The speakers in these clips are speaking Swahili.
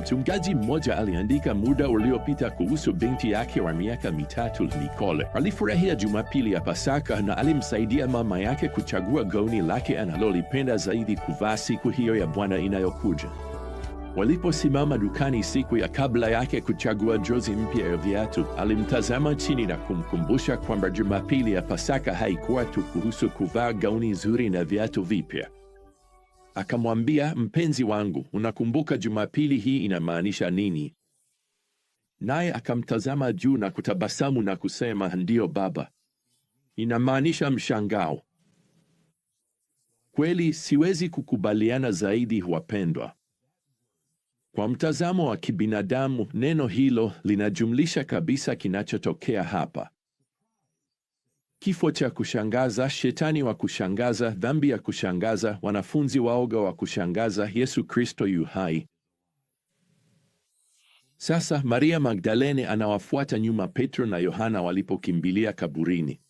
Mchungaji mmoja aliandika muda uliopita kuhusu binti yake wa miaka mitatu Nicole. Alifurahia Jumapili ya Pasaka na alimsaidia mama yake kuchagua gauni lake analolipenda zaidi kuvaa siku hiyo ya Bwana inayokuja. Waliposimama dukani siku ya kabla yake kuchagua jozi mpya ya viatu, alimtazama chini na kumkumbusha kwamba Jumapili ya Pasaka haikuwa tu kuhusu kuvaa gauni zuri na viatu vipya. Akamwambia, mpenzi wangu, unakumbuka Jumapili hii inamaanisha nini? Naye akamtazama juu na kutabasamu na kusema, ndiyo baba, inamaanisha mshangao. Kweli siwezi kukubaliana zaidi, wapendwa. Kwa mtazamo wa kibinadamu, neno hilo linajumlisha kabisa kinachotokea hapa kifo cha kushangaza, shetani wa kushangaza, dhambi ya kushangaza, wanafunzi waoga wa kushangaza, Yesu Kristo yu hai. Sasa Maria Magdalene anawafuata nyuma Petro na Yohana walipokimbilia kaburini.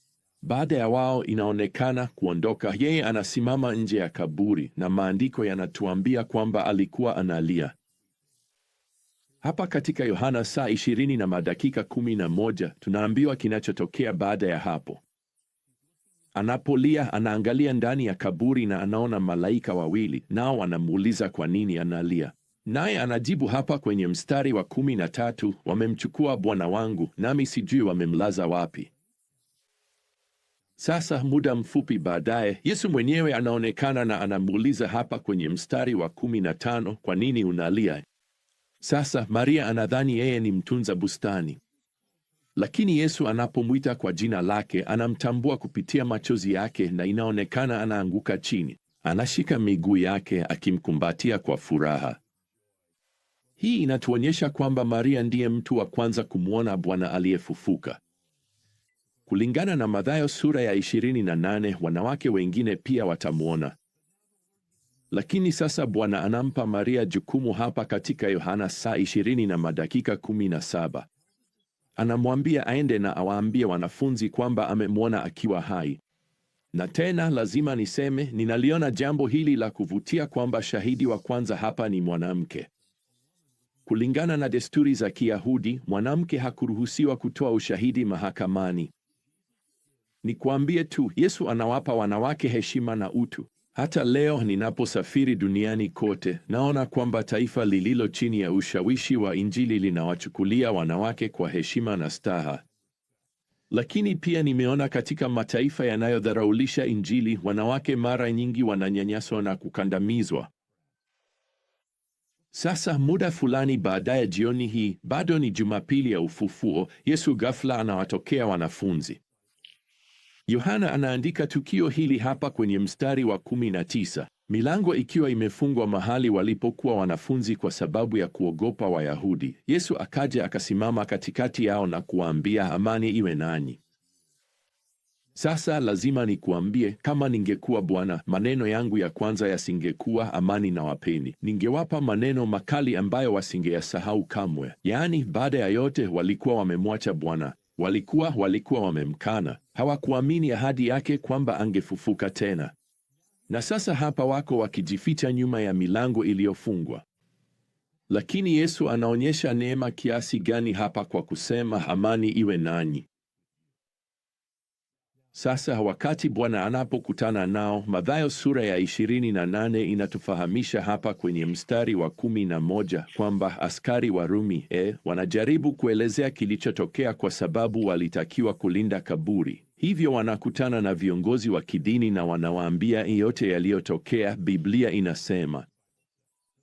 Baada ya wao inaonekana kuondoka, yeye anasimama nje ya kaburi, na maandiko yanatuambia kwamba alikuwa analia. Hapa katika Yohana saa 20 na madakika 11 tunaambiwa kinachotokea baada ya hapo. Anapolia anaangalia ndani ya kaburi na anaona malaika wawili, nao wanamuuliza kwa nini analia. Naye anajibu hapa kwenye mstari wa kumi na tatu, wamemchukua Bwana wangu nami sijui wamemlaza wapi. Sasa muda mfupi baadaye, Yesu mwenyewe anaonekana na anamuuliza hapa kwenye mstari wa kumi na tano, kwa nini unalia? Sasa Maria anadhani yeye ni mtunza bustani. Lakini Yesu anapomwita kwa jina lake, anamtambua kupitia machozi yake, na inaonekana anaanguka chini, anashika miguu yake akimkumbatia kwa furaha. Hii inatuonyesha kwamba Maria ndiye mtu wa kwanza kumwona Bwana aliyefufuka. Kulingana na Mathayo sura ya 28, wanawake wengine pia watamwona, lakini sasa Bwana anampa Maria jukumu hapa katika Yohana saa 20 na madakika 17. Anamwambia aende na awaambie wanafunzi kwamba amemwona akiwa hai. Na tena lazima niseme, ninaliona jambo hili la kuvutia kwamba shahidi wa kwanza hapa ni mwanamke. Kulingana na desturi za Kiyahudi, mwanamke hakuruhusiwa kutoa ushahidi mahakamani. Nikwambie tu, Yesu anawapa wanawake heshima na utu. Hata leo ninaposafiri duniani kote, naona kwamba taifa lililo chini ya ushawishi wa Injili linawachukulia wanawake kwa heshima na staha. Lakini pia nimeona katika mataifa yanayodharaulisha Injili, wanawake mara nyingi wananyanyaswa na kukandamizwa. Sasa muda fulani baadaye, jioni hii, bado ni Jumapili ya Ufufuo, Yesu ghafla anawatokea wanafunzi. Yohana anaandika tukio hili hapa kwenye mstari wa kumi na tisa milango ikiwa imefungwa mahali walipokuwa wanafunzi kwa sababu ya kuogopa Wayahudi. Yesu akaja akasimama katikati yao na kuwaambia, amani iwe nanyi. Sasa lazima nikuambie, kama ningekuwa Bwana, maneno yangu ya kwanza yasingekuwa amani na wapeni. Ningewapa maneno makali ambayo wasingeyasahau kamwe. Yaani, baada ya yote walikuwa wamemwacha Bwana, Walikuwa walikuwa wamemkana, hawakuamini ahadi yake kwamba angefufuka tena, na sasa hapa wako wakijificha nyuma ya milango iliyofungwa. Lakini Yesu anaonyesha neema kiasi gani hapa kwa kusema, amani iwe nanyi. Sasa wakati Bwana anapokutana nao, Mathayo sura ya 28 inatufahamisha hapa kwenye mstari wa 11 kwamba askari wa Rumi e, wanajaribu kuelezea kilichotokea kwa sababu walitakiwa kulinda kaburi. Hivyo wanakutana na viongozi wa kidini na wanawaambia yote yaliyotokea. Biblia inasema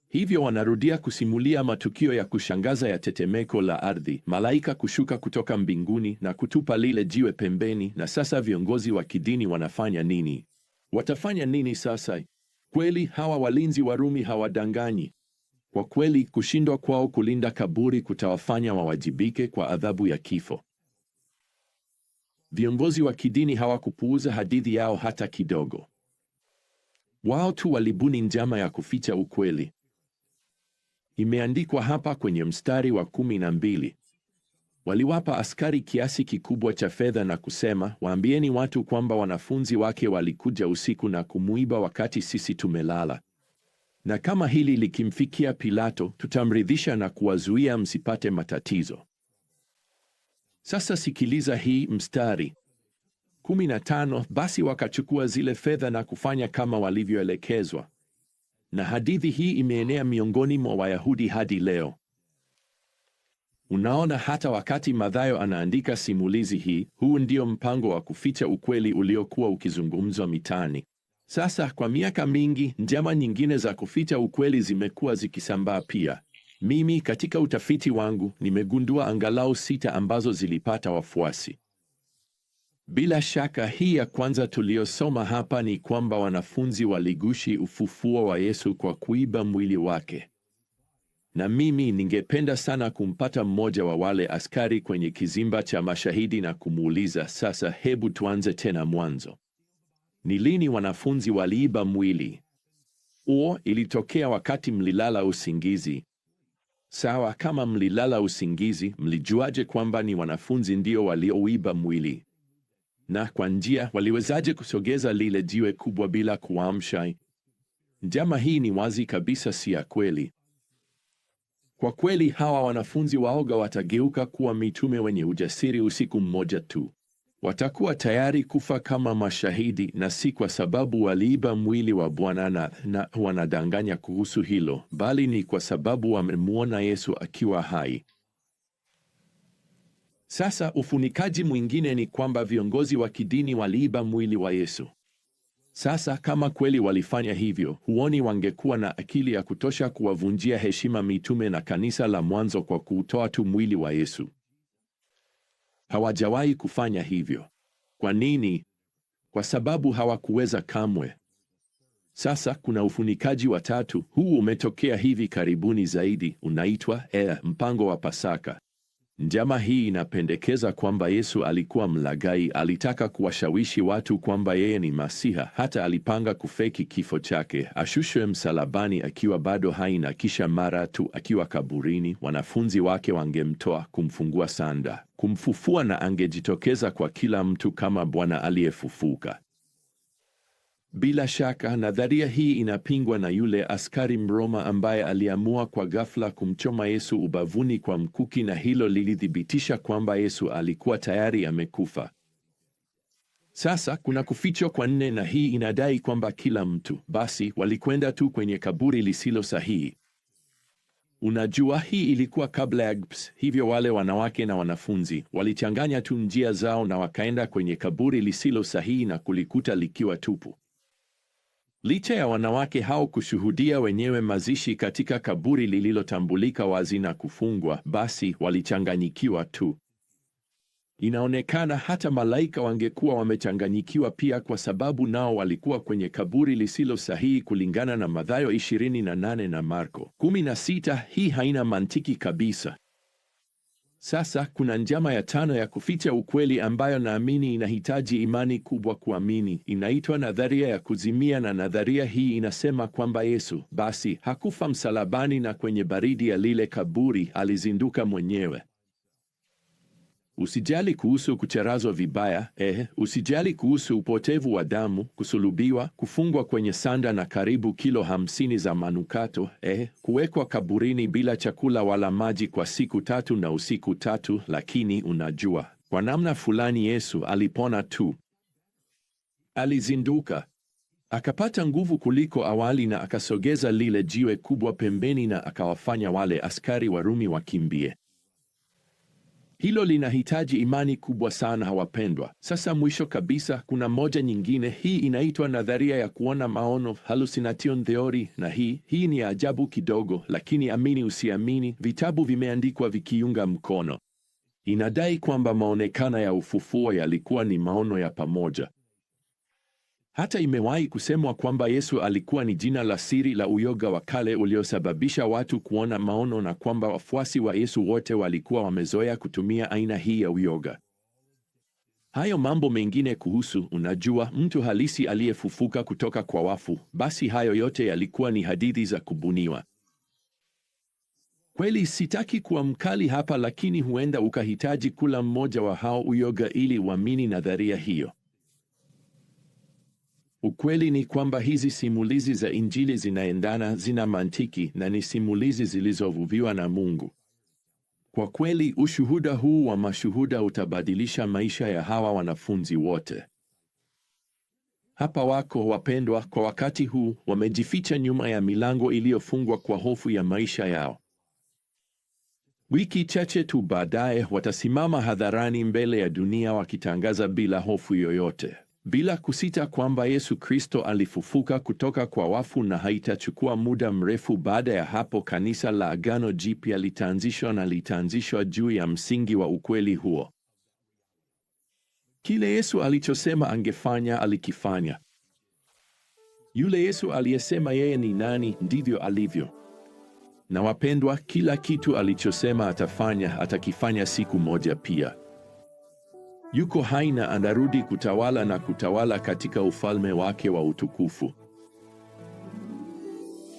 Hivyo wanarudia kusimulia matukio ya kushangaza ya tetemeko la ardhi, malaika kushuka kutoka mbinguni na kutupa lile jiwe pembeni. Na sasa viongozi wa kidini wanafanya nini? Watafanya nini sasa? Kweli hawa walinzi wa Rumi hawadanganyi. Kwa kweli kushindwa kwao kulinda kaburi kutawafanya wawajibike kwa adhabu ya kifo. Viongozi wa kidini hawakupuuza hadithi yao hata kidogo. Wao tu walibuni njama ya kuficha ukweli. Imeandikwa hapa kwenye mstari wa kumi na mbili, waliwapa askari kiasi kikubwa cha fedha na kusema, waambieni watu kwamba wanafunzi wake walikuja usiku na kumuiba wakati sisi tumelala, na kama hili likimfikia Pilato, tutamridhisha na kuwazuia msipate matatizo. Sasa sikiliza hii mstari 15. Basi wakachukua zile fedha na kufanya kama walivyoelekezwa na hadithi hii imeenea miongoni mwa Wayahudi hadi leo. Unaona, hata wakati Mathayo anaandika simulizi hii, huu ndio mpango wa kuficha ukweli uliokuwa ukizungumzwa mitaani. Sasa kwa miaka mingi, njama nyingine za kuficha ukweli zimekuwa zikisambaa pia. Mimi katika utafiti wangu nimegundua angalau sita ambazo zilipata wafuasi. Bila shaka hii ya kwanza tuliyosoma hapa ni kwamba wanafunzi waligushi ufufuo wa Yesu kwa kuiba mwili wake. Na mimi ningependa sana kumpata mmoja wa wale askari kwenye kizimba cha mashahidi na kumuuliza, sasa hebu tuanze tena mwanzo. Ni lini wanafunzi waliiba mwili? Uo ilitokea wakati mlilala usingizi. Sawa, kama mlilala usingizi, mlijuaje kwamba ni wanafunzi ndio walioiba mwili? na kwa njia waliwezaje kusogeza lile jiwe kubwa bila kuamsha? Njama hii ni wazi kabisa si ya kweli. Kwa kweli hawa wanafunzi waoga watageuka kuwa mitume wenye ujasiri usiku mmoja tu. Watakuwa tayari kufa kama mashahidi, na si kwa sababu waliiba mwili wa Bwana na, na wanadanganya kuhusu hilo, bali ni kwa sababu wamemwona Yesu akiwa hai. Sasa ufunikaji mwingine ni kwamba viongozi wa kidini waliiba mwili wa Yesu. Sasa kama kweli walifanya hivyo, huoni wangekuwa na akili ya kutosha kuwavunjia heshima mitume na kanisa la mwanzo kwa kuutoa tu mwili wa Yesu? Hawajawahi kufanya hivyo. Kwa nini? Kwa sababu hawakuweza kamwe. Sasa kuna ufunikaji wa tatu. Huu umetokea hivi karibuni zaidi, unaitwa e mpango wa Pasaka. Njama hii inapendekeza kwamba Yesu alikuwa mlagai alitaka kuwashawishi watu kwamba yeye ni Masiha, hata alipanga kufeki kifo chake, ashushwe msalabani akiwa bado hai, na kisha mara tu akiwa kaburini, wanafunzi wake wangemtoa, kumfungua sanda, kumfufua, na angejitokeza kwa kila mtu kama Bwana aliyefufuka. Bila shaka nadharia hii inapingwa na yule askari Mroma ambaye aliamua kwa ghafla kumchoma Yesu ubavuni kwa mkuki, na hilo lilithibitisha kwamba Yesu alikuwa tayari amekufa. Sasa kuna kufichwa kwa nne, na hii inadai kwamba kila mtu basi walikwenda tu kwenye kaburi lisilo sahihi. Unajua, hii ilikuwa kabla ya GPS, hivyo wale wanawake na wanafunzi walichanganya tu njia zao na wakaenda kwenye kaburi lisilo sahihi na kulikuta likiwa tupu. Licha ya wanawake hao kushuhudia wenyewe mazishi katika kaburi lililotambulika wazi na kufungwa, basi walichanganyikiwa tu. Inaonekana hata malaika wangekuwa wamechanganyikiwa pia, kwa sababu nao walikuwa kwenye kaburi lisilo sahihi kulingana na Mathayo 28 na Marko 16. Hii haina mantiki kabisa. Sasa kuna njama ya tano ya kuficha ukweli ambayo naamini inahitaji imani kubwa kuamini. Inaitwa nadharia ya kuzimia, na nadharia hii inasema kwamba Yesu basi hakufa msalabani, na kwenye baridi ya lile kaburi alizinduka mwenyewe. Usijali kuhusu kucherazwa vibaya, eh, usijali kuhusu upotevu wa damu, kusulubiwa, kufungwa kwenye sanda na karibu kilo hamsini za manukato, eh, kuwekwa kaburini bila chakula wala maji kwa siku tatu na usiku tatu. Lakini unajua, kwa namna fulani Yesu alipona tu. Alizinduka. Akapata nguvu kuliko awali na akasogeza lile jiwe kubwa pembeni na akawafanya wale askari Warumi wakimbie. Hilo linahitaji imani kubwa sana, hawapendwa. Sasa mwisho kabisa, kuna moja nyingine. Hii inaitwa nadharia ya kuona maono, hallucination theory, na hii hii ni ajabu kidogo, lakini amini usiamini, vitabu vimeandikwa vikiunga mkono. Inadai kwamba maonekano ya ufufuo yalikuwa ni maono ya pamoja. Hata imewahi kusemwa kwamba Yesu alikuwa ni jina la siri la uyoga wa kale uliosababisha watu kuona maono na kwamba wafuasi wa Yesu wote walikuwa wamezoea kutumia aina hii ya uyoga. Hayo mambo mengine kuhusu, unajua, mtu halisi aliyefufuka kutoka kwa wafu, basi hayo yote yalikuwa ni hadithi za kubuniwa. Kweli sitaki kuwa mkali hapa, lakini huenda ukahitaji kula mmoja wa hao uyoga ili uamini nadharia hiyo. Ukweli ni kwamba hizi simulizi za Injili zinaendana, zina mantiki na ni simulizi zilizovuviwa na Mungu. Kwa kweli, ushuhuda huu wa mashuhuda utabadilisha maisha ya hawa wanafunzi wote. Hapa wako wapendwa, kwa wakati huu wamejificha nyuma ya milango iliyofungwa kwa hofu ya maisha yao. Wiki chache tu baadaye watasimama hadharani mbele ya dunia wakitangaza bila hofu yoyote bila kusita kwamba Yesu Kristo alifufuka kutoka kwa wafu, na haitachukua muda mrefu baada ya hapo kanisa la Agano Jipya litaanzishwa na litaanzishwa juu ya msingi wa ukweli huo. Kile Yesu alichosema angefanya alikifanya. Yule Yesu aliyesema yeye ni nani, ndivyo alivyo. Na wapendwa, kila kitu alichosema atafanya atakifanya siku moja pia yuko hai na anarudi kutawala na kutawala katika ufalme wake wa utukufu.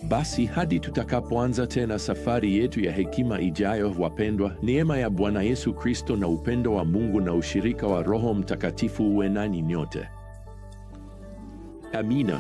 Basi hadi tutakapoanza tena safari yetu ya hekima ijayo, wapendwa, neema ya Bwana Yesu Kristo na upendo wa Mungu na ushirika wa Roho Mtakatifu uwe nani nyote. Amina.